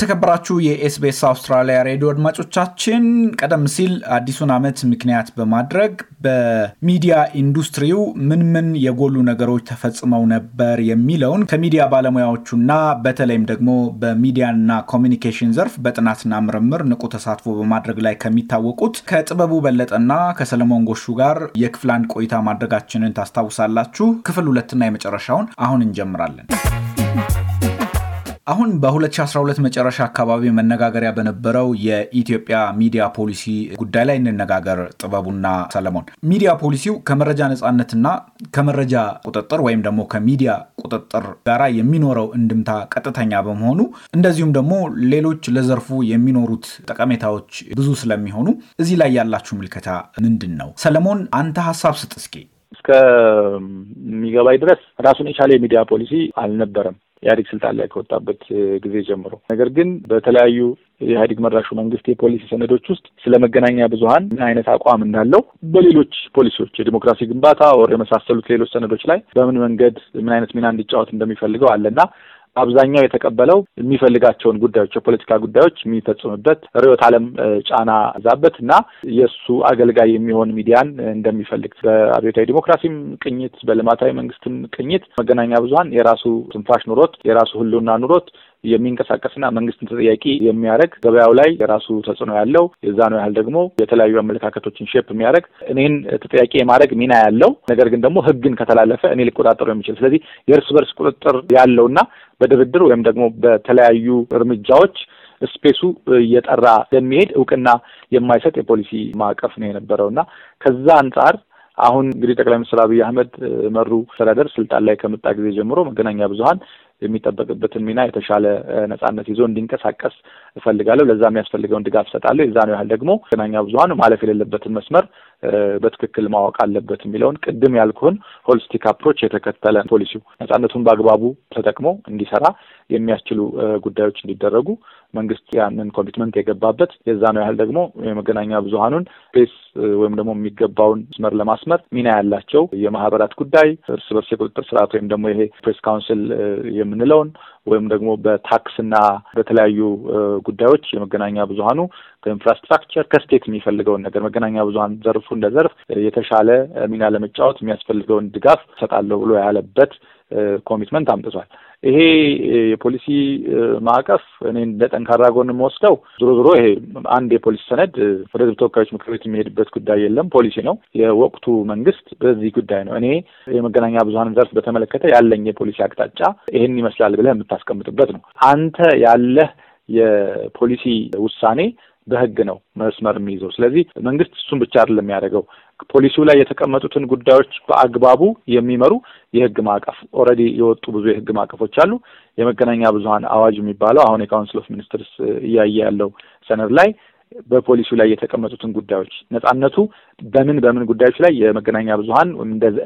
የተከበራችሁ የኤስቤስ አውስትራሊያ ሬዲዮ አድማጮቻችን ቀደም ሲል አዲሱን ዓመት ምክንያት በማድረግ በሚዲያ ኢንዱስትሪው ምን ምን የጎሉ ነገሮች ተፈጽመው ነበር የሚለውን ከሚዲያ ባለሙያዎቹና በተለይም ደግሞ በሚዲያና ኮሚኒኬሽን ዘርፍ በጥናትና ምርምር ንቁ ተሳትፎ በማድረግ ላይ ከሚታወቁት ከጥበቡ በለጠና ከሰለሞን ጎሹ ጋር የክፍል አንድ ቆይታ ማድረጋችንን ታስታውሳላችሁ። ክፍል ሁለትና የመጨረሻውን አሁን እንጀምራለን። አሁን በ2012 መጨረሻ አካባቢ መነጋገሪያ በነበረው የኢትዮጵያ ሚዲያ ፖሊሲ ጉዳይ ላይ እንነጋገር። ጥበቡና ሰለሞን፣ ሚዲያ ፖሊሲው ከመረጃ ነጻነትና ከመረጃ ቁጥጥር ወይም ደግሞ ከሚዲያ ቁጥጥር ጋር የሚኖረው እንድምታ ቀጥተኛ በመሆኑ እንደዚሁም ደግሞ ሌሎች ለዘርፉ የሚኖሩት ጠቀሜታዎች ብዙ ስለሚሆኑ እዚህ ላይ ያላችሁ ምልከታ ምንድን ነው? ሰለሞን አንተ ሀሳብ ስጥ እስኪ። እስከሚገባኝ ድረስ ራሱን የቻለ የሚዲያ ፖሊሲ አልነበረም። ኢህአዴግ ስልጣን ላይ ከወጣበት ጊዜ ጀምሮ። ነገር ግን በተለያዩ የኢህአዴግ መራሹ መንግስት የፖሊሲ ሰነዶች ውስጥ ስለ መገናኛ ብዙሀን ምን አይነት አቋም እንዳለው በሌሎች ፖሊሲዎች የዲሞክራሲ ግንባታ ወር የመሳሰሉት ሌሎች ሰነዶች ላይ በምን መንገድ ምን አይነት ሚና እንዲጫወት እንደሚፈልገው አለና አብዛኛው የተቀበለው የሚፈልጋቸውን ጉዳዮች የፖለቲካ ጉዳዮች የሚፈጽምበት ርዕዮተ ዓለም ጫና ዛበት እና የእሱ አገልጋይ የሚሆን ሚዲያን እንደሚፈልግ በአብዮታዊ ዲሞክራሲም ቅኝት፣ በልማታዊ መንግስትም ቅኝት መገናኛ ብዙሀን የራሱ ትንፋሽ ኑሮት የራሱ ህልውና ኑሮት የሚንቀሳቀስና መንግስትን ተጠያቂ የሚያደርግ ገበያው ላይ የራሱ ተጽዕኖ ያለው የዛ ነው ያህል ደግሞ የተለያዩ አመለካከቶችን ሼፕ የሚያደርግ እኔን ተጠያቂ የማድረግ ሚና ያለው ነገር ግን ደግሞ ህግን ከተላለፈ እኔ ሊቆጣጠሩ የሚችል ስለዚህ የእርስ በርስ ቁጥጥር ያለውና በድርድር ወይም ደግሞ በተለያዩ እርምጃዎች ስፔሱ እየጠራ ለሚሄድ እውቅና የማይሰጥ የፖሊሲ ማዕቀፍ ነው የነበረው እና ከዛ አንጻር አሁን እንግዲህ ጠቅላይ ሚኒስትር አብይ አህመድ መሩ አስተዳደር ስልጣን ላይ ከመጣ ጊዜ ጀምሮ መገናኛ ብዙሀን የሚጠበቅበትን ሚና የተሻለ ነጻነት ይዞ እንዲንቀሳቀስ እፈልጋለሁ። ለዛ የሚያስፈልገውን ድጋፍ እሰጣለሁ። የዛ ነው ያህል ደግሞ መገናኛ ብዙኃን ማለፍ የሌለበትን መስመር በትክክል ማወቅ አለበት የሚለውን ቅድም ያልኩህን ሆልስቲክ አፕሮች የተከተለ ፖሊሲው ነጻነቱን በአግባቡ ተጠቅሞ እንዲሰራ የሚያስችሉ ጉዳዮች እንዲደረጉ መንግስት ያንን ኮሚትመንት የገባበት የዛ ነው ያህል ደግሞ የመገናኛ ብዙሀኑን ፔስ ወይም ደግሞ የሚገባውን መስመር ለማስመር ሚና ያላቸው የማህበራት ጉዳይ እርስ በርስ የቁጥጥር ስርዓት ወይም ደግሞ ይሄ ፕሬስ ካውንስል የምንለውን ወይም ደግሞ በታክስና በተለያዩ ጉዳዮች የመገናኛ ብዙሀኑ ከኢንፍራስትራክቸር ከስቴት የሚፈልገውን ነገር መገናኛ ብዙሀን ዘርፉ እንደ ዘርፍ የተሻለ ሚና ለመጫወት የሚያስፈልገውን ድጋፍ እሰጣለሁ ብሎ ያለበት ኮሚትመንት አምጥቷል። ይሄ የፖሊሲ ማዕቀፍ እኔ እንደ ጠንካራ ጎን የምወስደው ዞሮ ዞሮ ይሄ አንድ የፖሊሲ ሰነድ ወደ ተወካዮች ምክር ቤት የሚሄድበት ጉዳይ የለም፣ ፖሊሲ ነው። የወቅቱ መንግስት በዚህ ጉዳይ ነው። እኔ የመገናኛ ብዙኃን ዘርፍ በተመለከተ ያለኝ የፖሊሲ አቅጣጫ ይህን ይመስላል ብለህ የምታስቀምጥበት ነው። አንተ ያለህ የፖሊሲ ውሳኔ በህግ ነው መስመር የሚይዘው። ስለዚህ መንግስት እሱን ብቻ አይደለም የሚያደርገው ፖሊሲው ላይ የተቀመጡትን ጉዳዮች በአግባቡ የሚመሩ የህግ ማዕቀፍ ኦልሬዲ የወጡ ብዙ የህግ ማዕቀፎች አሉ። የመገናኛ ብዙሀን አዋጅ የሚባለው አሁን የካውንስል ኦፍ ሚኒስትርስ እያየ ያለው ሰነድ ላይ በፖሊሲው ላይ የተቀመጡትን ጉዳዮች ነጻነቱ በምን በምን ጉዳዮች ላይ የመገናኛ ብዙሀን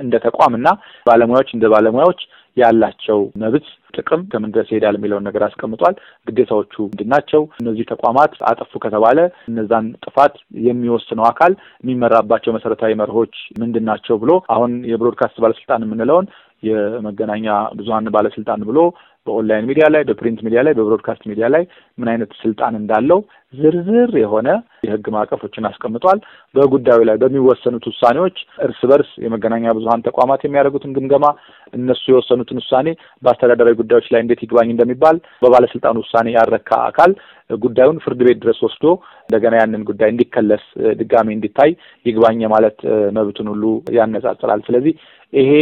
እንደ ተቋም እና ባለሙያዎች እንደ ባለሙያዎች ያላቸው መብት ጥቅም ከምን ድረስ ይሄዳል የሚለውን ነገር አስቀምጧል። ግዴታዎቹ ምንድን ናቸው? እነዚህ ተቋማት አጠፉ ከተባለ እነዛን ጥፋት የሚወስነው አካል የሚመራባቸው መሰረታዊ መርሆች ምንድን ናቸው ብሎ አሁን የብሮድካስት ባለስልጣን የምንለውን የመገናኛ ብዙሀን ባለስልጣን ብሎ በኦንላይን ሚዲያ ላይ በፕሪንት ሚዲያ ላይ በብሮድካስት ሚዲያ ላይ ምን አይነት ስልጣን እንዳለው ዝርዝር የሆነ የህግ ማዕቀፎችን አስቀምጧል። በጉዳዩ ላይ በሚወሰኑት ውሳኔዎች እርስ በርስ የመገናኛ ብዙሀን ተቋማት የሚያደርጉትን ግምገማ፣ እነሱ የወሰኑትን ውሳኔ በአስተዳደራዊ ጉዳዮች ላይ እንዴት ይግባኝ እንደሚባል በባለስልጣኑ ውሳኔ ያረካ አካል ጉዳዩን ፍርድ ቤት ድረስ ወስዶ እንደገና ያንን ጉዳይ እንዲከለስ ድጋሜ እንዲታይ ይግባኝ ማለት መብትን ሁሉ ያነጻጽራል። ስለዚህ ይሄ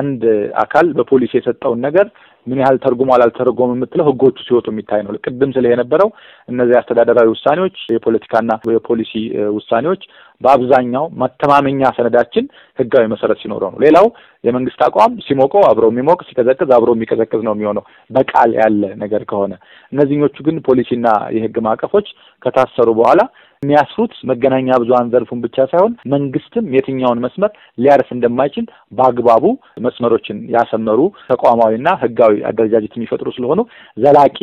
አንድ አካል በፖሊስ የሰጠውን ነገር ምን ያህል ተርጉሞ አልተረጎም የምትለው ህጎቹ ሲወጡ የሚታይ ነው። ቅድም ስለ የነበረው እነዚህ አስተዳደራዊ ውሳኔዎች፣ የፖለቲካና የፖሊሲ ውሳኔዎች በአብዛኛው መተማመኛ ሰነዳችን ህጋዊ መሰረት ሲኖረው ነው። ሌላው የመንግስት አቋም ሲሞቀው አብሮ የሚሞቅ ሲቀዘቅዝ አብሮ የሚቀዘቅዝ ነው የሚሆነው በቃል ያለ ነገር ከሆነ። እነዚህኞቹ ግን ፖሊሲና የህግ ማዕቀፎች ከታሰሩ በኋላ የሚያስሩት መገናኛ ብዙሀን ዘርፉን ብቻ ሳይሆን መንግስትም የትኛውን መስመር ሊያርስ እንደማይችል በአግባቡ መስመሮችን ያሰመሩ ተቋማዊና ህጋዊ አደረጃጀት የሚፈጥሩ ስለሆኑ ዘላቂ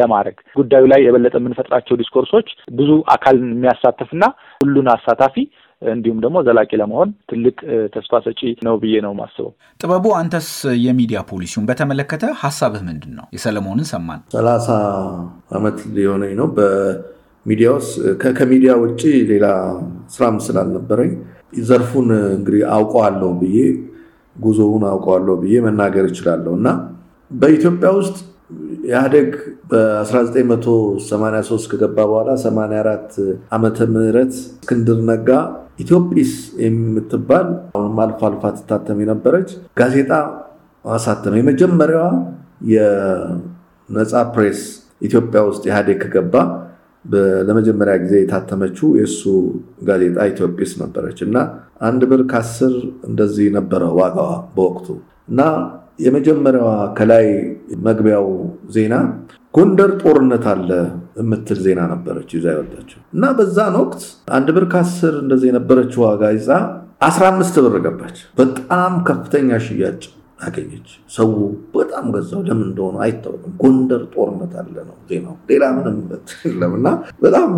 ለማድረግ ጉዳዩ ላይ የበለጠ የምንፈጥራቸው ዲስኮርሶች ብዙ አካልን የሚያሳትፍና ሁሉን አሳታፊ እንዲሁም ደግሞ ዘላቂ ለመሆን ትልቅ ተስፋ ሰጪ ነው ብዬ ነው ማስበው ጥበቡ፣ አንተስ የሚዲያ ፖሊሲውን በተመለከተ ሀሳብህ ምንድን ነው? የሰለሞንን ሰማን። ሰላሳ አመት ሊሆነኝ ነው። ሚዲያውስ ከሚዲያ ውጭ ሌላ ስራም ስላልነበረኝ ዘርፉን እንግዲህ አውቀዋለሁ ብዬ ጉዞውን አውቀዋለሁ ብዬ መናገር እችላለሁ እና በኢትዮጵያ ውስጥ ኢህአደግ በ1983 ከገባ በኋላ 84 ዓመተ ምህረት እስክንድር ነጋ ኢትዮጵስ የምትባል አሁንም አልፎ አልፋ ትታተም የነበረች ጋዜጣ አሳተመ። የመጀመሪያዋ የነፃ ፕሬስ ኢትዮጵያ ውስጥ ኢህአዴግ ከገባ ለመጀመሪያ ጊዜ የታተመችው የእሱ ጋዜጣ ኢትዮጵስ ነበረች እና አንድ ብር ከአስር እንደዚህ ነበረ ዋጋዋ በወቅቱ እና የመጀመሪያዋ ከላይ መግቢያው ዜና ጎንደር ጦርነት አለ የምትል ዜና ነበረች ይዛ ይወጣችው እና በዛን ወቅት አንድ ብር ከአስር እንደዚህ ይዛ ጋዜጣ 15 ብር ገባች። በጣም ከፍተኛ ሽያጭ አገኘች። ሰው በጣም ገዛው። ለምን እንደሆነ አይታወቅም። ጎንደር ጦርነት አለ ነው ዜናው፣ ሌላ ምንም የለም። እና በጣም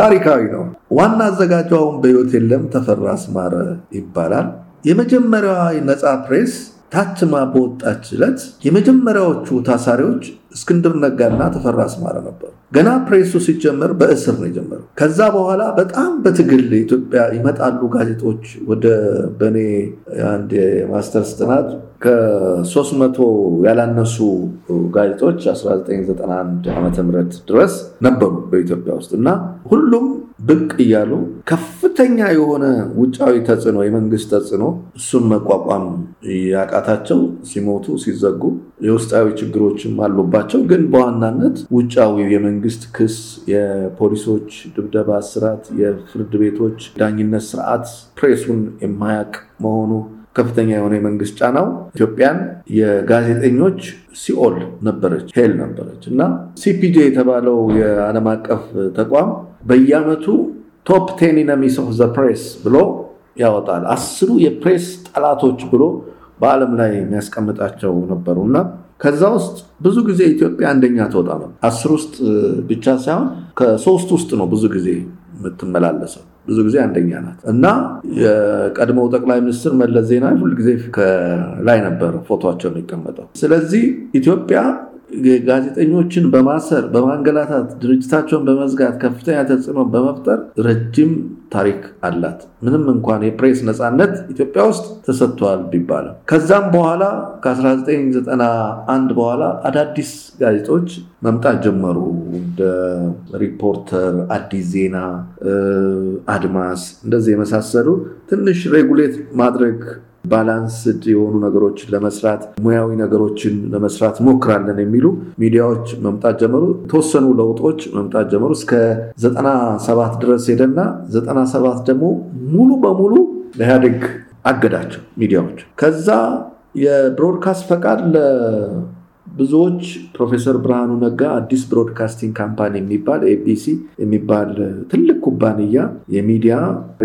ታሪካዊ ነው። ዋና አዘጋጁ አሁን በሕይወት የለም፣ ተፈራ አስማረ ይባላል። የመጀመሪያዋ ነፃ ፕሬስ ታትማ በወጣች ዕለት የመጀመሪያዎቹ ታሳሪዎች እስክንድር ነጋና ተፈራ አስማረ ነበሩ። ገና ፕሬሱ ሲጀመር በእስር ነው የጀመረው። ከዛ በኋላ በጣም በትግል ኢትዮጵያ ይመጣሉ ጋዜጦች ወደ በእኔ አንድ የማስተርስ ጥናት ከ300 ያላነሱ ጋዜጦች 1991 ዓ ም ድረስ ነበሩ በኢትዮጵያ ውስጥ እና ሁሉም ብቅ እያሉ ከፍተኛ የሆነ ውጫዊ ተጽዕኖ፣ የመንግስት ተጽዕኖ እሱም መቋቋም ያቃታቸው ሲሞቱ፣ ሲዘጉ የውስጣዊ ችግሮችም አሉባቸው። ግን በዋናነት ውጫዊ የመንግስት ክስ፣ የፖሊሶች ድብደባ፣ እስራት፣ የፍርድ ቤቶች ዳኝነት ስርዓት ፕሬሱን የማያቅ መሆኑ ከፍተኛ የሆነ የመንግስት ጫናው ኢትዮጵያን የጋዜጠኞች ሲኦል ነበረች፣ ሄል ነበረች እና ሲፒጄ የተባለው የዓለም አቀፍ ተቋም በየዓመቱ ቶፕ ቴን ኢነሚስ ኦፍ ዘ ፕሬስ ብሎ ያወጣል። አስሩ የፕሬስ ጠላቶች ብሎ በዓለም ላይ የሚያስቀምጣቸው ነበሩ እና ከዛ ውስጥ ብዙ ጊዜ ኢትዮጵያ አንደኛ ትወጣ ነው። አስር ውስጥ ብቻ ሳይሆን ከሶስት ውስጥ ነው ብዙ ጊዜ የምትመላለሰው። ብዙ ጊዜ አንደኛ ናት እና የቀድሞው ጠቅላይ ሚኒስትር መለስ ዜናዊ ሁልጊዜ ከላይ ነበረ ፎቶቸውን ይቀመጠው። ስለዚህ ኢትዮጵያ ጋዜጠኞችን በማሰር በማንገላታት ድርጅታቸውን በመዝጋት ከፍተኛ ተጽዕኖ በመፍጠር ረጅም ታሪክ አላት። ምንም እንኳን የፕሬስ ነፃነት ኢትዮጵያ ውስጥ ተሰጥቷል ቢባልም ከዛም በኋላ ከ1991 በኋላ አዳዲስ ጋዜጦች መምጣት ጀመሩ። እንደ ሪፖርተር፣ አዲስ ዜና፣ አድማስ እንደዚህ የመሳሰሉ ትንሽ ሬጉሌት ማድረግ ባላንስድ የሆኑ ነገሮችን ለመስራት ሙያዊ ነገሮችን ለመስራት ሞክራለን የሚሉ ሚዲያዎች መምጣት ጀመሩ። የተወሰኑ ለውጦች መምጣት ጀመሩ። እስከ ዘጠና ሰባት ድረስ ሄደና ዘጠና ሰባት ደግሞ ሙሉ በሙሉ ለኢህአዴግ አገዳቸው ሚዲያዎች ከዛ የብሮድካስት ፈቃድ ብዙዎች ፕሮፌሰር ብርሃኑ ነጋ አዲስ ብሮድካስቲንግ ካምፓኒ የሚባል ኤቢሲ የሚባል ትልቅ ኩባንያ የሚዲያ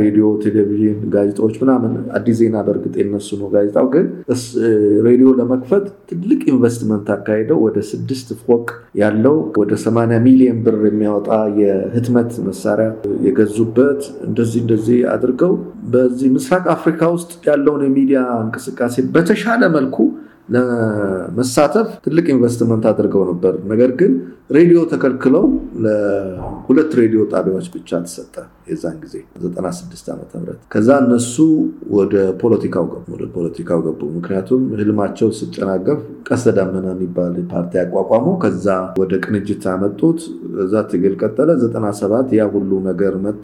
ሬዲዮ፣ ቴሌቪዥን፣ ጋዜጣዎች ምናምን አዲስ ዜና በእርግጥ የነሱ ነው ጋዜጣው ግን ሬዲዮ ለመክፈት ትልቅ ኢንቨስትመንት አካሄደው ወደ ስድስት ፎቅ ያለው ወደ ሰማንያ ሚሊዮን ብር የሚያወጣ የህትመት መሳሪያ የገዙበት እንደዚህ እንደዚህ አድርገው በዚህ ምስራቅ አፍሪካ ውስጥ ያለውን የሚዲያ እንቅስቃሴ በተሻለ መልኩ ለመሳተፍ ትልቅ ኢንቨስትመንት አድርገው ነበር። ነገር ግን ሬዲዮ ተከልክለው ለሁለት ሬዲዮ ጣቢያዎች ብቻ ተሰጠ። የዛን ጊዜ 96 ዓ ምህረት ከዛ እነሱ ወደ ፖለቲካው ገቡ ወደ ፖለቲካው ገቡ። ምክንያቱም ህልማቸው ስጨናገፍ ቀስተ ደመና የሚባል ፓርቲ አቋቋሙ ከዛ ወደ ቅንጅት አመጡት። እዛ ትግል ቀጠለ። 97 ያ ሁሉ ነገር መጣ።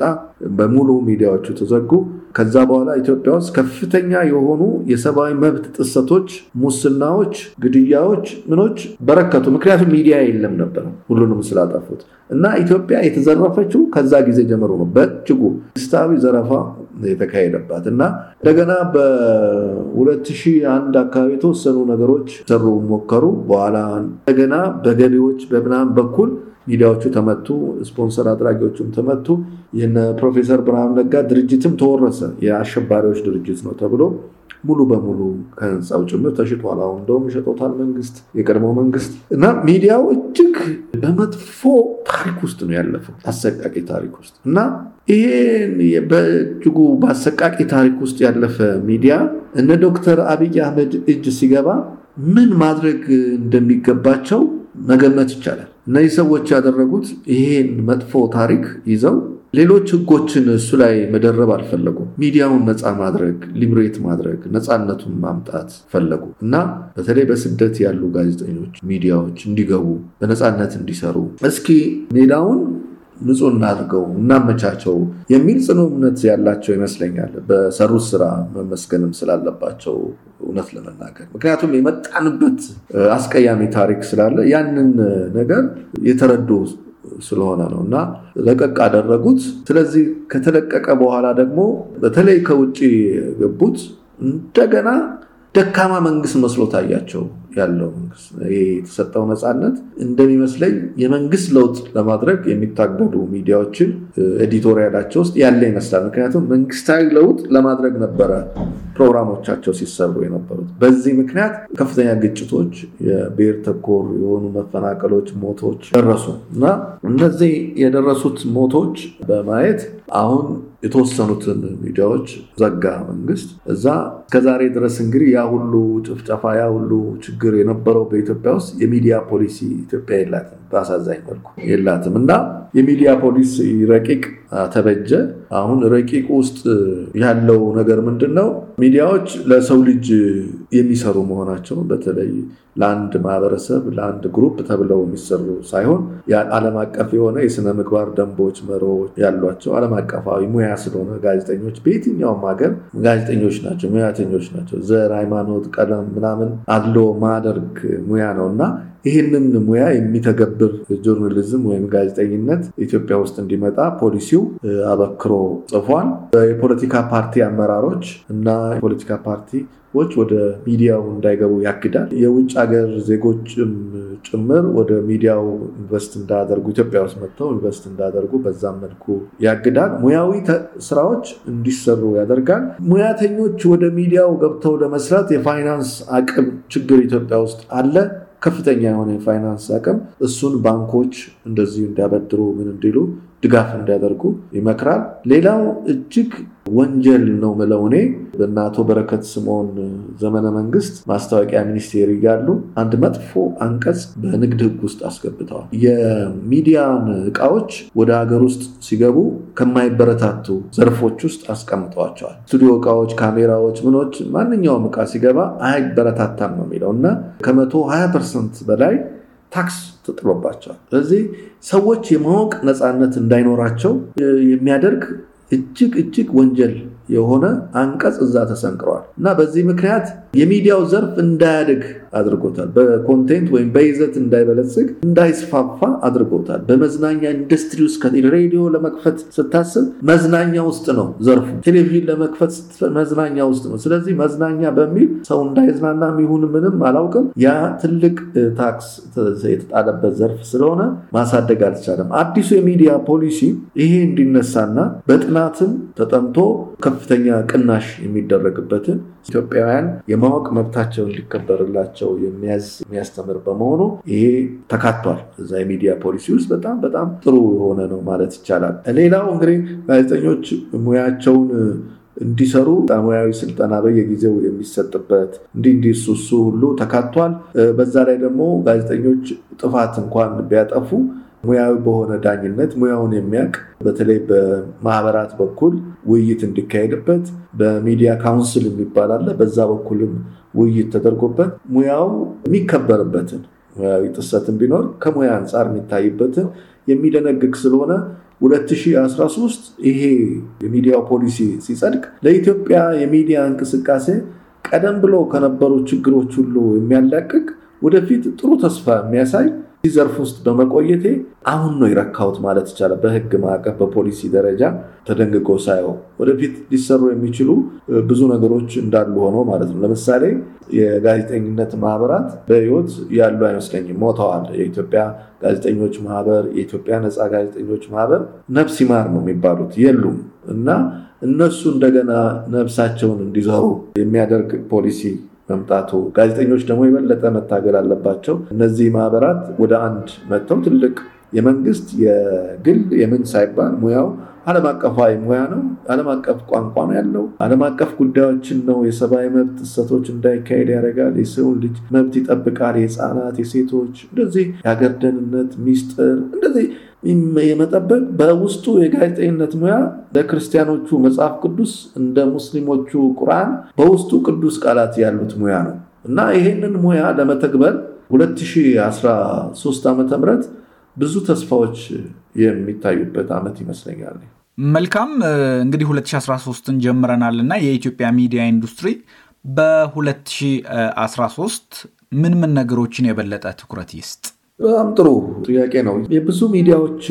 በሙሉ ሚዲያዎቹ ተዘጉ። ከዛ በኋላ ኢትዮጵያ ውስጥ ከፍተኛ የሆኑ የሰብአዊ መብት ጥሰቶች፣ ሙስናዎች፣ ግድያዎች፣ ምኖች በረከቱ። ምክንያቱም ሚዲያ የለም ነበር ሁሉንም ስላጠፉት እና ኢትዮጵያ የተዘረፈችው ከዛ ጊዜ ጀምሮ ነው። በእጅጉ ስታዊ ዘረፋ የተካሄደባት እና እንደገና በ2001 አካባቢ የተወሰኑ ነገሮች ሰሩ ሞከሩ። በኋላ እንደገና በገቢዎች በምናምን በኩል ሚዲያዎቹ ተመቱ፣ ስፖንሰር አድራጊዎቹም ተመቱ። የነ ፕሮፌሰር ብርሃኑ ነጋ ድርጅትም ተወረሰ። የአሸባሪዎች ድርጅት ነው ተብሎ ሙሉ በሙሉ ከህንፃው ጭምር ተሽጧል። አሁን እንደውም ይሸጦታል መንግስት፣ የቀድሞው መንግስት እና ሚዲያው እጅግ በመጥፎ ታሪክ ውስጥ ነው ያለፈው፣ አሰቃቂ ታሪክ ውስጥ እና ይሄን በእጅጉ በአሰቃቂ ታሪክ ውስጥ ያለፈ ሚዲያ እነ ዶክተር አብይ አህመድ እጅ ሲገባ ምን ማድረግ እንደሚገባቸው መገመት ይቻላል። እነዚህ ሰዎች ያደረጉት ይሄን መጥፎ ታሪክ ይዘው ሌሎች ህጎችን እሱ ላይ መደረብ አልፈለጉም። ሚዲያውን ነፃ ማድረግ ሊብሬት ማድረግ ነፃነቱን ማምጣት ፈለጉ እና በተለይ በስደት ያሉ ጋዜጠኞች ሚዲያዎች እንዲገቡ በነፃነት እንዲሰሩ እስኪ ሜዳውን ንጹህ እናድርገው እናመቻቸው የሚል ጽኑ እምነት ያላቸው ይመስለኛል። በሰሩት ስራ መመስገንም ስላለባቸው እውነት ለመናገር ምክንያቱም የመጣንበት አስቀያሚ ታሪክ ስላለ ያንን ነገር የተረዱ ስለሆነ ነው እና ለቀቅ አደረጉት። ስለዚህ ከተለቀቀ በኋላ ደግሞ በተለይ ከውጭ የገቡት እንደገና ደካማ መንግስት መስሎ ታያቸው። ያለው መንግስት የተሰጠው ነፃነት እንደሚመስለኝ የመንግስት ለውጥ ለማድረግ የሚታገዱ ሚዲያዎችን ኤዲቶሪያላቸው ውስጥ ያለ ይመስላል። ምክንያቱም መንግስታዊ ለውጥ ለማድረግ ነበረ ፕሮግራሞቻቸው ሲሰሩ የነበሩት። በዚህ ምክንያት ከፍተኛ ግጭቶች፣ የብሔር ተኮር የሆኑ መፈናቀሎች፣ ሞቶች ደረሱ እና እነዚህ የደረሱት ሞቶች በማየት አሁን የተወሰኑትን ሚዲያዎች ዘጋ መንግስት። እዛ ከዛሬ ድረስ እንግዲህ ያ ሁሉ ጭፍጨፋ፣ ያ ሁሉ ችግር ችግር የነበረው በኢትዮጵያ ውስጥ የሚዲያ ፖሊሲ ኢትዮጵያ የላትም፣ በአሳዛኝ መልኩ የላትም እና የሚዲያ ፖሊሲ ረቂቅ ተበጀ። አሁን ረቂቅ ውስጥ ያለው ነገር ምንድን ነው? ሚዲያዎች ለሰው ልጅ የሚሰሩ መሆናቸውን በተለይ ለአንድ ማህበረሰብ ለአንድ ግሩፕ ተብለው የሚሰሩ ሳይሆን ዓለም አቀፍ የሆነ የስነ ምግባር ደንቦች፣ መርሆዎች ያሏቸው ዓለም ሙያ ስለሆነ ጋዜጠኞች በየትኛውም ሀገር ጋዜጠኞች ናቸው፣ ሙያተኞች ናቸው። ዘር፣ ሃይማኖት፣ ቀለም ምናምን አድሎ ማደርግ ሙያ ነው እና ይህንን ሙያ የሚተገብር ጆርናሊዝም ወይም ጋዜጠኝነት ኢትዮጵያ ውስጥ እንዲመጣ ፖሊሲው አበክሮ ጽፏል። የፖለቲካ ፓርቲ አመራሮች እና የፖለቲካ ፓርቲዎች ወደ ሚዲያው እንዳይገቡ ያግዳል። የውጭ ሀገር ዜጎችም ጭምር ወደ ሚዲያው ኢንቨስት እንዳያደርጉ ኢትዮጵያ ውስጥ መጥተው ኢንቨስት እንዳያደርጉ በዛም መልኩ ያግዳል። ሙያዊ ስራዎች እንዲሰሩ ያደርጋል። ሙያተኞች ወደ ሚዲያው ገብተው ለመስራት የፋይናንስ አቅም ችግር ኢትዮጵያ ውስጥ አለ። ከፍተኛ የሆነ የፋይናንስ አቅም እሱን ባንኮች እንደዚሁ እንዲያበድሩ ምን እንዲሉ ድጋፍ እንዲያደርጉ ይመክራል። ሌላው እጅግ ወንጀል ነው ምለው እኔ በእነ አቶ በረከት ስምዖን ዘመነ መንግስት ማስታወቂያ ሚኒስቴር እያሉ አንድ መጥፎ አንቀጽ በንግድ ህግ ውስጥ አስገብተዋል። የሚዲያን እቃዎች ወደ ሀገር ውስጥ ሲገቡ ከማይበረታቱ ዘርፎች ውስጥ አስቀምጠዋቸዋል። ስቱዲዮ እቃዎች፣ ካሜራዎች፣ ምኖች ማንኛውም እቃ ሲገባ አይበረታታም ነው የሚለው እና ከመቶ 20 ፐርሰንት በላይ ታክስ ተጥሎባቸዋል። ስለዚህ ሰዎች የማወቅ ነፃነት እንዳይኖራቸው የሚያደርግ እጅግ እጅግ ወንጀል የሆነ አንቀጽ እዛ ተሰንቅረዋል እና በዚህ ምክንያት የሚዲያው ዘርፍ እንዳያድግ አድርጎታል። በኮንቴንት ወይም በይዘት እንዳይበለጽግ እንዳይስፋፋ አድርጎታል። በመዝናኛ ኢንዱስትሪ ውስጥ ሬዲዮ ለመክፈት ስታስብ መዝናኛ ውስጥ ነው ዘርፉ። ቴሌቪዥን ለመክፈት መዝናኛ ውስጥ ነው። ስለዚህ መዝናኛ በሚል ሰው እንዳይዝናና ይሁን ምንም አላውቅም። ያ ትልቅ ታክስ የተጣለበት ዘርፍ ስለሆነ ማሳደግ አልቻለም። አዲሱ የሚዲያ ፖሊሲ ይሄ እንዲነሳና በጥናትም ተጠምቶ ከፍተኛ ቅናሽ የሚደረግበትን ኢትዮጵያውያን የማወቅ መብታቸው እንዲከበርላቸው እንዲኖራቸው የሚያዝ የሚያስተምር በመሆኑ ይሄ ተካቷል እዛ የሚዲያ ፖሊሲ ውስጥ በጣም በጣም ጥሩ የሆነ ነው ማለት ይቻላል። ሌላው እንግዲህ ጋዜጠኞች ሙያቸውን እንዲሰሩ ሙያዊ ስልጠና በየጊዜው የሚሰጥበት እንዲህ እንዲህ እሱ እሱ ሁሉ ተካቷል። በዛ ላይ ደግሞ ጋዜጠኞች ጥፋት እንኳን ቢያጠፉ ሙያዊ በሆነ ዳኝነት ሙያውን የሚያውቅ በተለይ በማህበራት በኩል ውይይት እንዲካሄድበት በሚዲያ ካውንስል የሚባል አለ። በዛ በኩልም ውይይት ተደርጎበት ሙያው የሚከበርበትን ሙያዊ ጥሰትን ቢኖር ከሙያ አንጻር የሚታይበትን የሚደነግግ ስለሆነ 2013 ይሄ የሚዲያው ፖሊሲ ሲጸድቅ ለኢትዮጵያ የሚዲያ እንቅስቃሴ ቀደም ብሎ ከነበሩ ችግሮች ሁሉ የሚያላቅቅ ወደፊት ጥሩ ተስፋ የሚያሳይ እዚህ ዘርፍ ውስጥ በመቆየቴ አሁን ነው የረካሁት ማለት ይቻላል። በህግ ማዕቀፍ በፖሊሲ ደረጃ ተደንግጎ ሳየው ወደፊት ሊሰሩ የሚችሉ ብዙ ነገሮች እንዳሉ ሆኖ ማለት ነው። ለምሳሌ የጋዜጠኝነት ማህበራት በህይወት ያሉ አይመስለኝም፣ ሞተዋል። የኢትዮጵያ ጋዜጠኞች ማህበር፣ የኢትዮጵያ ነፃ ጋዜጠኞች ማህበር ነፍስ ይማር ነው የሚባሉት የሉም እና እነሱ እንደገና ነፍሳቸውን እንዲዘሩ የሚያደርግ ፖሊሲ መምጣቱ ጋዜጠኞች ደግሞ የበለጠ መታገል አለባቸው። እነዚህ ማህበራት ወደ አንድ መጥተው ትልቅ የመንግስት የግል የምን ሳይባል ሙያው ዓለም አቀፋዊ ሙያ ነው። ዓለም አቀፍ ቋንቋ ነው ያለው። ዓለም አቀፍ ጉዳዮችን ነው። የሰብአዊ መብት ጥሰቶች እንዳይካሄድ ያደርጋል። የሰው ልጅ መብት ይጠብቃል። የህፃናት፣ የሴቶች እንደዚህ የሀገር ደህንነት ሚስጥር እንደዚህ የመጠበቅ በውስጡ የጋዜጠኝነት ሙያ ለክርስቲያኖቹ መጽሐፍ ቅዱስ እንደ ሙስሊሞቹ ቁርአን በውስጡ ቅዱስ ቃላት ያሉት ሙያ ነው እና ይህንን ሙያ ለመተግበር 2013 ዓ ም ብዙ ተስፋዎች የሚታዩበት ዓመት ይመስለኛል። መልካም እንግዲህ 2013ን ጀምረናል እና የኢትዮጵያ ሚዲያ ኢንዱስትሪ በ2013 ምን ምን ነገሮችን የበለጠ ትኩረት ይስጥ? በጣም ጥሩ ጥያቄ ነው። የብዙ ሚዲያዎች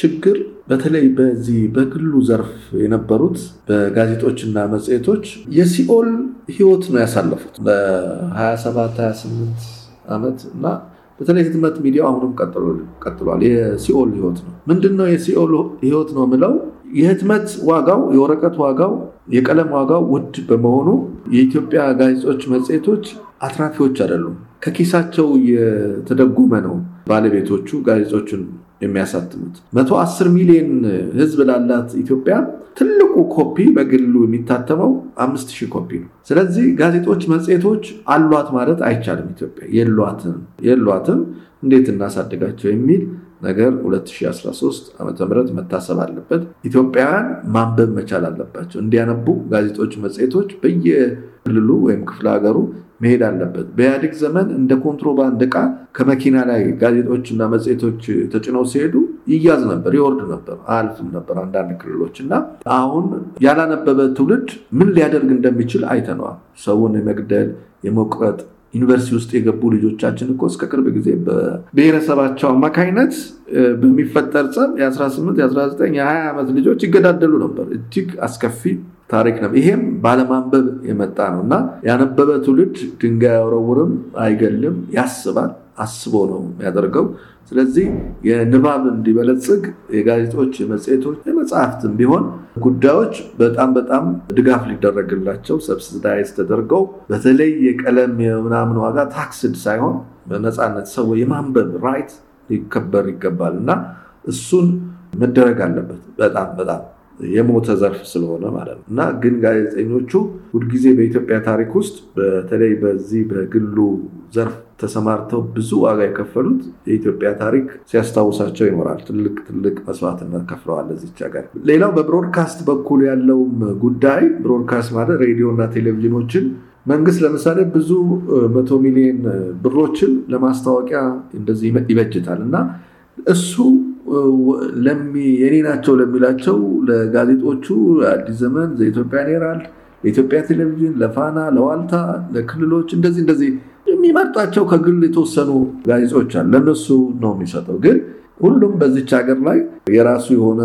ችግር በተለይ በዚህ በግሉ ዘርፍ የነበሩት በጋዜጦችና መጽሔቶች የሲኦል ህይወት ነው ያሳለፉት በ27 28 ዓመት እና በተለይ ህትመት ሚዲያው አሁንም ቀጥሏል። የሲኦል ህይወት ነው። ምንድን ነው የሲኦል ህይወት ነው የምለው? የህትመት ዋጋው የወረቀት ዋጋው የቀለም ዋጋው ውድ በመሆኑ የኢትዮጵያ ጋዜጦች፣ መጽሔቶች አትራፊዎች አይደሉም። ከኪሳቸው የተደጎመ ነው ባለቤቶቹ ጋዜጦችን የሚያሳትሙት። 110 ሚሊዮን ህዝብ ላላት ኢትዮጵያ ትልቁ ኮፒ በግሉ የሚታተመው 5000 ኮፒ ነው። ስለዚህ ጋዜጦች፣ መጽሔቶች አሏት ማለት አይቻልም። ኢትዮጵያ የሏትም እንዴት እናሳድጋቸው የሚል ነገር 2013 ዓ ም መታሰብ አለበት። ኢትዮጵያውያን ማንበብ መቻል አለባቸው። እንዲያነቡ ጋዜጦች፣ መጽሔቶች በየ ክልሉ ወይም ክፍለ ሀገሩ መሄድ አለበት። በኢህአዴግ ዘመን እንደ ኮንትሮባንድ እቃ ከመኪና ላይ ጋዜጦችና መጽሔቶች ተጭነው ሲሄዱ ይያዝ ነበር፣ ይወርድ ነበር፣ አያልፍም ነበር አንዳንድ ክልሎች እና አሁን ያላነበበ ትውልድ ምን ሊያደርግ እንደሚችል አይተነዋል። ሰውን የመግደል የመቁረጥ ዩኒቨርሲቲ ውስጥ የገቡ ልጆቻችን እኮ እስከ ቅርብ ጊዜ በብሔረሰባቸው አማካኝነት በሚፈጠር ጸብ የ18 የ19 የ20 ዓመት ልጆች ይገዳደሉ ነበር እጅግ አስከፊ ታሪክ ነው። ይሄም ባለማንበብ የመጣ ነው እና ያነበበ ትውልድ ድንጋይ አውረውርም፣ አይገልም፣ ያስባል። አስቦ ነው የሚያደርገው። ስለዚህ የንባብ እንዲበለጽግ የጋዜጦች፣ የመጽሔቶች፣ የመጽሐፍትም ቢሆን ጉዳዮች በጣም በጣም ድጋፍ ሊደረግላቸው ሰብስዳይዝ ተደርገው በተለይ የቀለም የምናምን ዋጋ ታክስድ ሳይሆን በነፃነት ሰው የማንበብ ራይት ሊከበር ይገባል እና እሱን መደረግ አለበት በጣም በጣም የሞተ ዘርፍ ስለሆነ ማለት ነው እና ግን ጋዜጠኞቹ ሁልጊዜ በኢትዮጵያ ታሪክ ውስጥ በተለይ በዚህ በግሉ ዘርፍ ተሰማርተው ብዙ ዋጋ የከፈሉት የኢትዮጵያ ታሪክ ሲያስታውሳቸው ይኖራል። ትልቅ ትልቅ መስዋዕትነት ከፍለዋል ለዚች ሀገር። ሌላው በብሮድካስት በኩል ያለውም ጉዳይ ብሮድካስት ማለት ሬዲዮ እና ቴሌቪዥኖችን መንግስት ለምሳሌ ብዙ መቶ ሚሊዮን ብሮችን ለማስታወቂያ እንደዚህ ይበጅታል እና እሱ የኔ ናቸው ለሚላቸው ለጋዜጦቹ አዲስ ዘመን፣ ዘኢትዮጵያ ኔራል፣ ለኢትዮጵያ ቴሌቪዥን፣ ለፋና፣ ለዋልታ፣ ለክልሎች እንደዚህ እንደዚህ የሚመርጣቸው ከግል የተወሰኑ ጋዜጦች አሉ። ለነሱ ነው የሚሰጠው። ግን ሁሉም በዚች ሀገር ላይ የራሱ የሆነ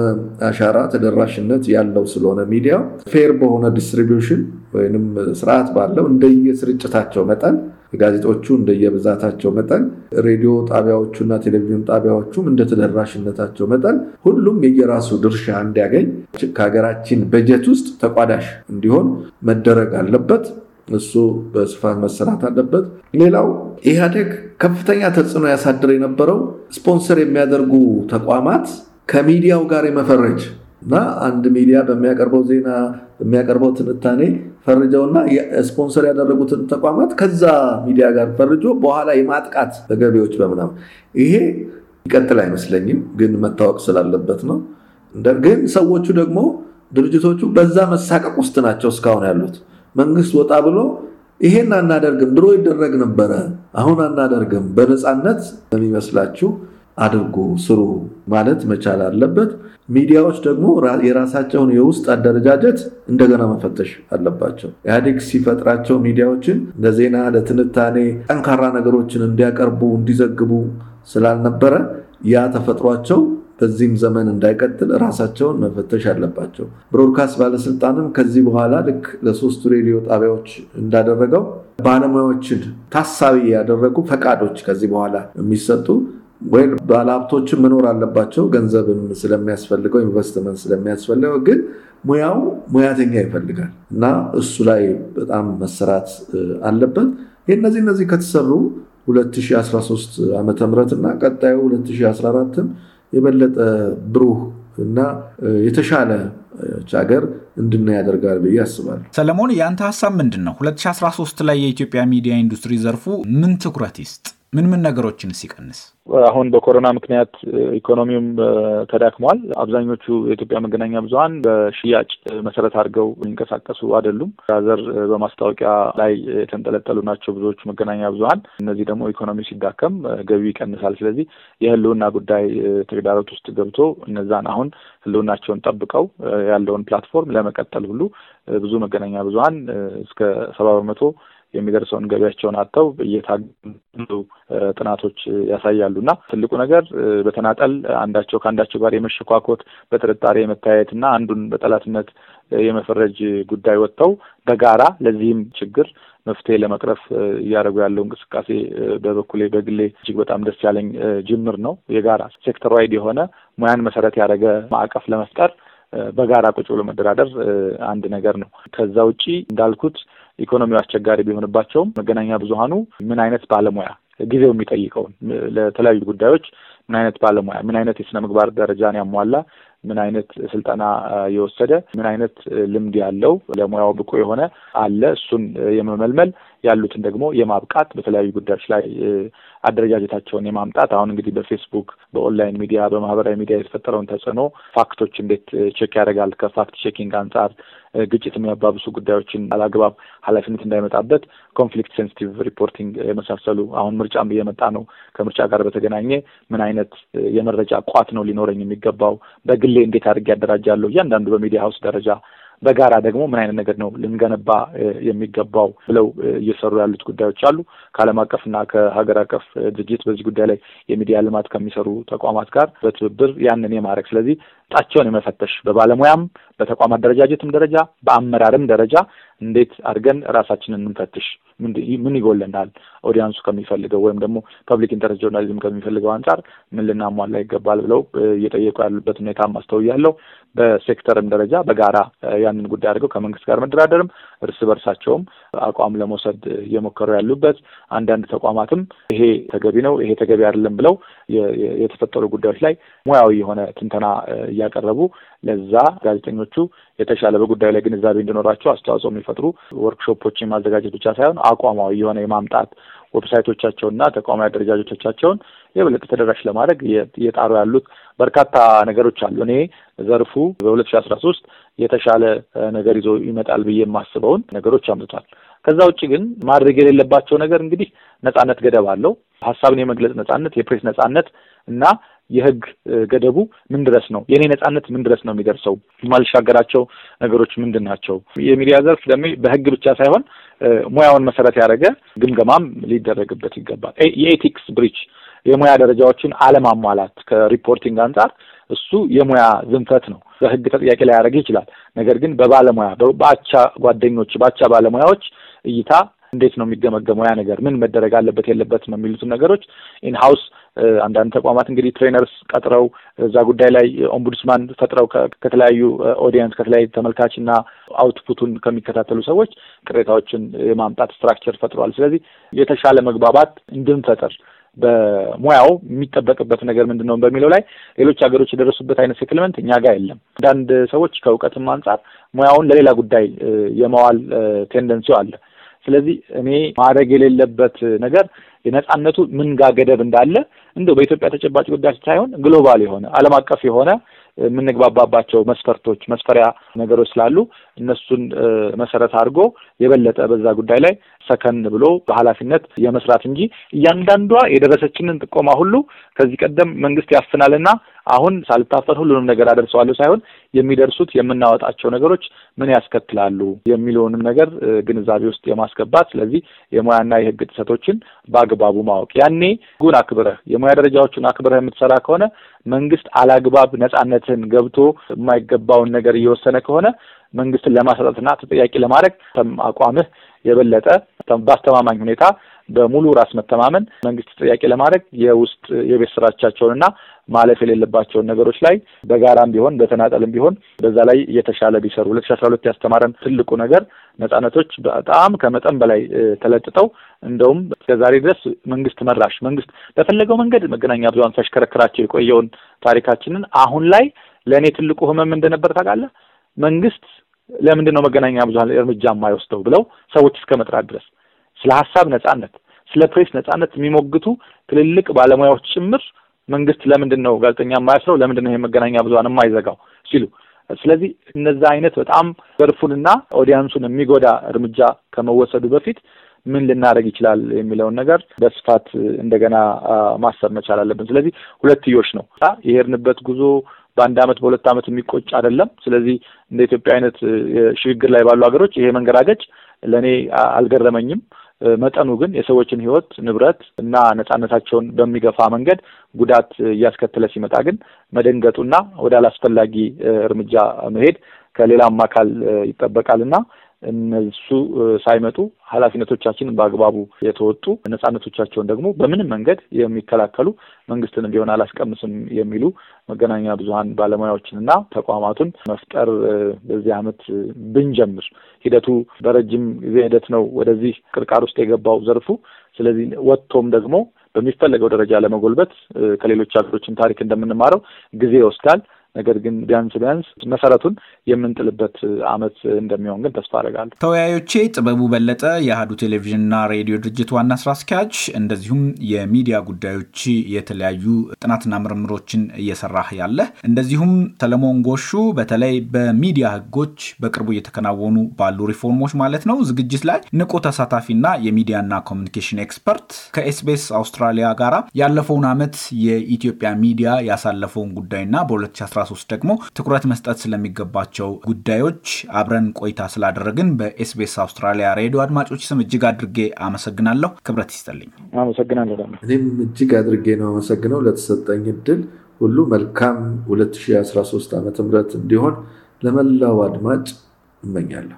አሻራ ተደራሽነት ያለው ስለሆነ ሚዲያው ፌር በሆነ ዲስትሪቢሽን ወይም ስርዓት ባለው እንደየስርጭታቸው መጠን ጋዜጦቹ እንደየብዛታቸው መጠን ሬዲዮ ጣቢያዎቹና ቴሌቪዥን ጣቢያዎቹም እንደ ተደራሽነታቸው መጠን ሁሉም የየራሱ ድርሻ እንዲያገኝ ከሀገራችን በጀት ውስጥ ተቋዳሽ እንዲሆን መደረግ አለበት። እሱ በስፋት መሰራት አለበት። ሌላው ኢህአዴግ ከፍተኛ ተጽዕኖ ያሳድር የነበረው ስፖንሰር የሚያደርጉ ተቋማት ከሚዲያው ጋር የመፈረጅ እና አንድ ሚዲያ በሚያቀርበው ዜና በሚያቀርበው ትንታኔ ፈርጀውና ስፖንሰር ያደረጉትን ተቋማት ከዛ ሚዲያ ጋር ፈርጆ በኋላ የማጥቃት በገቢዎች በምናምን ይሄ ይቀጥል አይመስለኝም፣ ግን መታወቅ ስላለበት ነው። ግን ሰዎቹ ደግሞ ድርጅቶቹ በዛ መሳቀቅ ውስጥ ናቸው እስካሁን ያሉት። መንግስት ወጣ ብሎ ይሄን አናደርግም፣ ድሮ ይደረግ ነበረ፣ አሁን አናደርግም በነፃነት የሚመስላችሁ አድርጉ ስሩ ማለት መቻል አለበት። ሚዲያዎች ደግሞ የራሳቸውን የውስጥ አደረጃጀት እንደገና መፈተሽ አለባቸው። ኢህአዴግ ሲፈጥራቸው ሚዲያዎችን ለዜና፣ ለትንታኔ ጠንካራ ነገሮችን እንዲያቀርቡ እንዲዘግቡ ስላልነበረ ያ ተፈጥሯቸው በዚህም ዘመን እንዳይቀጥል ራሳቸውን መፈተሽ አለባቸው። ብሮድካስት ባለስልጣንም ከዚህ በኋላ ልክ ለሶስቱ ሬዲዮ ጣቢያዎች እንዳደረገው ባለሙያዎችን ታሳቢ ያደረጉ ፈቃዶች ከዚህ በኋላ የሚሰጡ ወይም ባለሀብቶችም መኖር አለባቸው። ገንዘብም ስለሚያስፈልገው ኢንቨስትመንት ስለሚያስፈልገው፣ ግን ሙያው ሙያተኛ ይፈልጋል እና እሱ ላይ በጣም መሰራት አለበት። እነዚህ እነዚህ ከተሰሩ 2013 ዓ ም እና ቀጣዩ 2014ም የበለጠ ብሩህ እና የተሻለ ሀገር እንድና ያደርጋል ብዬ አስባለሁ። ሰለሞን፣ የአንተ ሀሳብ ምንድን ነው? 2013 ላይ የኢትዮጵያ ሚዲያ ኢንዱስትሪ ዘርፉ ምን ትኩረት ይስጥ? ምን ምን ነገሮችን ሲቀንስ አሁን በኮሮና ምክንያት ኢኮኖሚውም ተዳክሟል። አብዛኞቹ የኢትዮጵያ መገናኛ ብዙኃን በሽያጭ መሰረት አድርገው የሚንቀሳቀሱ አይደሉም። ዘር በማስታወቂያ ላይ የተንጠለጠሉ ናቸው ብዙዎቹ መገናኛ ብዙኃን። እነዚህ ደግሞ ኢኮኖሚ ሲዳከም ገቢው ይቀንሳል። ስለዚህ የህልውና ጉዳይ ተግዳሮት ውስጥ ገብቶ እነዛን አሁን ህልውናቸውን ጠብቀው ያለውን ፕላትፎርም ለመቀጠል ሁሉ ብዙ መገናኛ ብዙሀን እስከ ሰባ በመቶ የሚደርሰውን ገቢያቸውን አጥተው እየታገሉ ጥናቶች ያሳያሉ። እና ትልቁ ነገር በተናጠል አንዳቸው ከአንዳቸው ጋር የመሸኳኮት በጥርጣሬ የመታየት እና አንዱን በጠላትነት የመፈረጅ ጉዳይ ወጥተው በጋራ ለዚህም ችግር መፍትሄ ለመቅረፍ እያደረጉ ያለው እንቅስቃሴ በበኩሌ በግሌ እጅግ በጣም ደስ ያለኝ ጅምር ነው። የጋራ ሴክተር ዋይድ የሆነ ሙያን መሰረት ያደረገ ማዕቀፍ ለመፍጠር በጋራ ቁጭ ብሎ መደራደር አንድ ነገር ነው። ከዛ ውጪ እንዳልኩት ኢኮኖሚው አስቸጋሪ ቢሆንባቸውም መገናኛ ብዙሃኑ ምን አይነት ባለሙያ ጊዜው የሚጠይቀውን ለተለያዩ ጉዳዮች ምን አይነት ባለሙያ ምን አይነት የስነ ምግባር ደረጃን ያሟላ ምን አይነት ስልጠና የወሰደ ምን አይነት ልምድ ያለው ለሙያው ብቁ የሆነ አለ እሱን የመመልመል ያሉትን ደግሞ የማብቃት በተለያዩ ጉዳዮች ላይ አደረጃጀታቸውን የማምጣት አሁን እንግዲህ በፌስቡክ በኦንላይን ሚዲያ በማህበራዊ ሚዲያ የተፈጠረውን ተጽዕኖ ፋክቶች እንዴት ቼክ ያደርጋል ከፋክት ቼኪንግ አንጻር ግጭት የሚያባብሱ ጉዳዮችን አላግባብ ኃላፊነት እንዳይመጣበት ኮንፍሊክት ሴንሲቲቭ ሪፖርቲንግ የመሳሰሉ አሁን ምርጫም እየመጣ ነው። ከምርጫ ጋር በተገናኘ ምን አይነት የመረጃ ቋት ነው ሊኖረኝ የሚገባው በግል በግሌ እንዴት አድርጌ ያደራጃለሁ፣ እያንዳንዱ በሚዲያ ሀውስ ደረጃ በጋራ ደግሞ ምን አይነት ነገር ነው ልንገነባ የሚገባው ብለው እየሰሩ ያሉት ጉዳዮች አሉ። ከዓለም አቀፍና ከሀገር አቀፍ ድርጅት በዚህ ጉዳይ ላይ የሚዲያ ልማት ከሚሰሩ ተቋማት ጋር በትብብር ያንን የማድረግ ስለዚህ ጣቸውን የመፈተሽ በባለሙያም በተቋም አደረጃጀትም ደረጃ በአመራርም ደረጃ እንዴት አድርገን ራሳችንን እንፈትሽ፣ ምን ይጎለናል፣ ኦዲያንሱ ከሚፈልገው ወይም ደግሞ ፐብሊክ ኢንተረስት ጆርናሊዝም ከሚፈልገው አንጻር ምን ልናሟላ ይገባል ብለው እየጠየቁ ያሉበት ሁኔታ አስተውያለሁ። በሴክተርም ደረጃ በጋራ ያንን ጉዳይ አድርገው ከመንግስት ጋር መደራደርም እርስ በርሳቸውም አቋም ለመውሰድ እየሞከሩ ያሉበት፣ አንዳንድ ተቋማትም ይሄ ተገቢ ነው፣ ይሄ ተገቢ አይደለም ብለው የተፈጠሩ ጉዳዮች ላይ ሙያዊ የሆነ ትንተና እያቀረቡ ለዛ ጋዜጠኞቹ የተሻለ በጉዳዩ ላይ ግንዛቤ እንዲኖራቸው አስተዋጽኦ የሚፈጥሩ ወርክሾፖችን ማዘጋጀት ብቻ ሳይሆን አቋማዊ የሆነ የማምጣት ዌብሳይቶቻቸውና ተቋማዊ አደረጃጆቻቸውን የበለጠ ተደራሽ ለማድረግ እየጣሩ ያሉት በርካታ ነገሮች አሉ። እኔ ዘርፉ በሁለት ሺ አስራ ሶስት የተሻለ ነገር ይዞ ይመጣል ብዬ የማስበውን ነገሮች አምጥቷል። ከዛ ውጭ ግን ማድረግ የሌለባቸው ነገር እንግዲህ ነጻነት ገደብ አለው። ሀሳብን የመግለጽ ነጻነት፣ የፕሬስ ነጻነት እና የህግ ገደቡ ምን ድረስ ነው? የእኔ ነጻነት ምን ድረስ ነው የሚደርሰው? የማልሻገራቸው ነገሮች ምንድን ናቸው? የሚዲያ ዘርፍ ደግሞ በህግ ብቻ ሳይሆን ሙያውን መሰረት ያደረገ ግምገማም ሊደረግበት ይገባል። የኤቲክስ ብሪች የሙያ ደረጃዎችን አለማሟላት ከሪፖርቲንግ አንጻር እሱ የሙያ ዝንፈት ነው። በህግ ተጠያቂ ላይ ያደረግ ይችላል። ነገር ግን በባለሙያ በአቻ ጓደኞች በአቻ ባለሙያዎች እይታ እንዴት ነው የሚገመገመው? ያ ነገር ምን መደረግ አለበት የለበትም የሚሉትን ነገሮች ኢንሃውስ አንዳንድ ተቋማት እንግዲህ ትሬነርስ ቀጥረው እዛ ጉዳይ ላይ ኦምቡድስማን ፈጥረው ከተለያዩ ኦዲየንስ ከተለያዩ ተመልካች እና አውትፑቱን ከሚከታተሉ ሰዎች ቅሬታዎችን የማምጣት ስትራክቸር ፈጥረዋል። ስለዚህ የተሻለ መግባባት እንድንፈጥር በሙያው የሚጠበቅበት ነገር ምንድን ነው በሚለው ላይ ሌሎች ሀገሮች የደረሱበት አይነት ሴትልመንት እኛ ጋር የለም። አንዳንድ ሰዎች ከእውቀትም አንጻር ሙያውን ለሌላ ጉዳይ የመዋል ቴንደንሲው አለ። ስለዚህ እኔ ማድረግ የሌለበት ነገር የነጻነቱ ምን ጋር ገደብ እንዳለ እንደው በኢትዮጵያ ተጨባጭ ጉዳይ ሳይሆን ግሎባል የሆነ ዓለም አቀፍ የሆነ የምንግባባባቸው መስፈርቶች፣ መስፈሪያ ነገሮች ስላሉ እነሱን መሰረት አድርጎ የበለጠ በዛ ጉዳይ ላይ ሰከን ብሎ በኃላፊነት የመስራት እንጂ እያንዳንዷ የደረሰችንን ጥቆማ ሁሉ ከዚህ ቀደም መንግስት ያፍናልና አሁን ሳልታፈን ሁሉንም ነገር አደርሰዋለሁ ሳይሆን የሚደርሱት የምናወጣቸው ነገሮች ምን ያስከትላሉ የሚለውንም ነገር ግንዛቤ ውስጥ የማስገባት ስለዚህ የሙያና የህግ ጥሰቶችን በአግባቡ ማወቅ ያኔ ሕጉን አክብረህ የሙያ ደረጃዎችን አክብረህ የምትሰራ ከሆነ መንግስት አላግባብ ነጻነትን ገብቶ የማይገባውን ነገር እየወሰነ ከሆነ መንግስትን ለማሳጣትና ተጠያቂ ለማድረግ አቋምህ የበለጠ በአስተማማኝ ሁኔታ በሙሉ ራስ መተማመን መንግስት ተጠያቂ ለማድረግ የውስጥ የቤት ስራቻቸውንና ማለፍ የሌለባቸውን ነገሮች ላይ በጋራም ቢሆን በተናጠልም ቢሆን በዛ ላይ እየተሻለ ቢሰሩ ሁለት ሺ አስራ ሁለት ያስተማረን ትልቁ ነገር ነጻነቶች በጣም ከመጠን በላይ ተለጥጠው እንደውም እስከዛሬ ድረስ መንግስት መራሽ መንግስት በፈለገው መንገድ መገናኛ ብዙን ሲያሽከረክራቸው የቆየውን ታሪካችንን አሁን ላይ ለእኔ ትልቁ ህመም እንደነበር ታውቃለህ። መንግስት ለምንድን ነው መገናኛ ብዙን እርምጃ የማይወስደው ብለው ሰዎች እስከ መጥራት ድረስ ስለ ሀሳብ ነጻነት፣ ስለ ፕሬስ ነጻነት የሚሞግቱ ትልልቅ ባለሙያዎች ጭምር መንግስት ለምንድን ነው ጋዜጠኛ የማያስረው? ለምንድን ነው ይሄ መገናኛ የማይዘጋው ሲሉ ስለዚህ እነዛ አይነት በጣም ዘርፉንና ኦዲያንሱን የሚጎዳ እርምጃ ከመወሰዱ በፊት ምን ልናደርግ ይችላል የሚለውን ነገር በስፋት እንደገና ማሰብ መቻል አለብን። ስለዚህ ሁለትዮሽ ነው የሄድንበት ጉዞ በአንድ አመት በሁለት አመት የሚቆጭ አይደለም። ስለዚህ እንደ ኢትዮጵያ አይነት ሽግግር ላይ ባሉ ሀገሮች ይሄ መንገራገጭ ለእኔ አልገረመኝም። መጠኑ ግን የሰዎችን ህይወት ንብረት እና ነጻነታቸውን በሚገፋ መንገድ ጉዳት እያስከተለ ሲመጣ ግን መደንገጡና ወደ አላስፈላጊ እርምጃ መሄድ ከሌላም አካል ይጠበቃል እና እነሱ ሳይመጡ ኃላፊነቶቻችንን በአግባቡ የተወጡ ነጻነቶቻቸውን ደግሞ በምንም መንገድ የሚከላከሉ መንግስትንም ቢሆን አላስቀምስም የሚሉ መገናኛ ብዙኃን ባለሙያዎችንና ተቋማቱን መፍጠር በዚህ ዓመት ብንጀምር ሂደቱ በረጅም ጊዜ ሂደት ነው ወደዚህ ቅርቃር ውስጥ የገባው ዘርፉ። ስለዚህ ወጥቶም ደግሞ በሚፈለገው ደረጃ ለመጎልበት ከሌሎች ሀገሮችን ታሪክ እንደምንማረው ጊዜ ይወስዳል። ነገር ግን ቢያንስ ቢያንስ መሰረቱን የምንጥልበት አመት እንደሚሆን ግን ተስፋ አደርጋለሁ። ተወያዮቼ ጥበቡ በለጠ የአህዱ ቴሌቪዥንና ሬዲዮ ድርጅት ዋና ስራ አስኪያጅ፣ እንደዚሁም የሚዲያ ጉዳዮች የተለያዩ ጥናትና ምርምሮችን እየሰራህ ያለ እንደዚሁም ሰለሞን ጎሹ በተለይ በሚዲያ ህጎች በቅርቡ እየተከናወኑ ባሉ ሪፎርሞች ማለት ነው ዝግጅት ላይ ንቁ ተሳታፊና የሚዲያና ኮሚኒኬሽን ኤክስፐርት ከኤስቢኤስ አውስትራሊያ ጋራ ያለፈውን አመት የኢትዮጵያ ሚዲያ ያሳለፈውን ጉዳይና በ2013 2013 ደግሞ ትኩረት መስጠት ስለሚገባቸው ጉዳዮች አብረን ቆይታ ስላደረግን በኤስቤስ አውስትራሊያ ሬዲዮ አድማጮች ስም እጅግ አድርጌ አመሰግናለሁ። ክብረት ይስጥልኝ። አመሰግናለሁ። እኔም እጅግ አድርጌ ነው አመሰግነው ለተሰጠኝ እድል ሁሉ መልካም 2013 ዓ ም እንዲሆን ለመላው አድማጭ እመኛለሁ።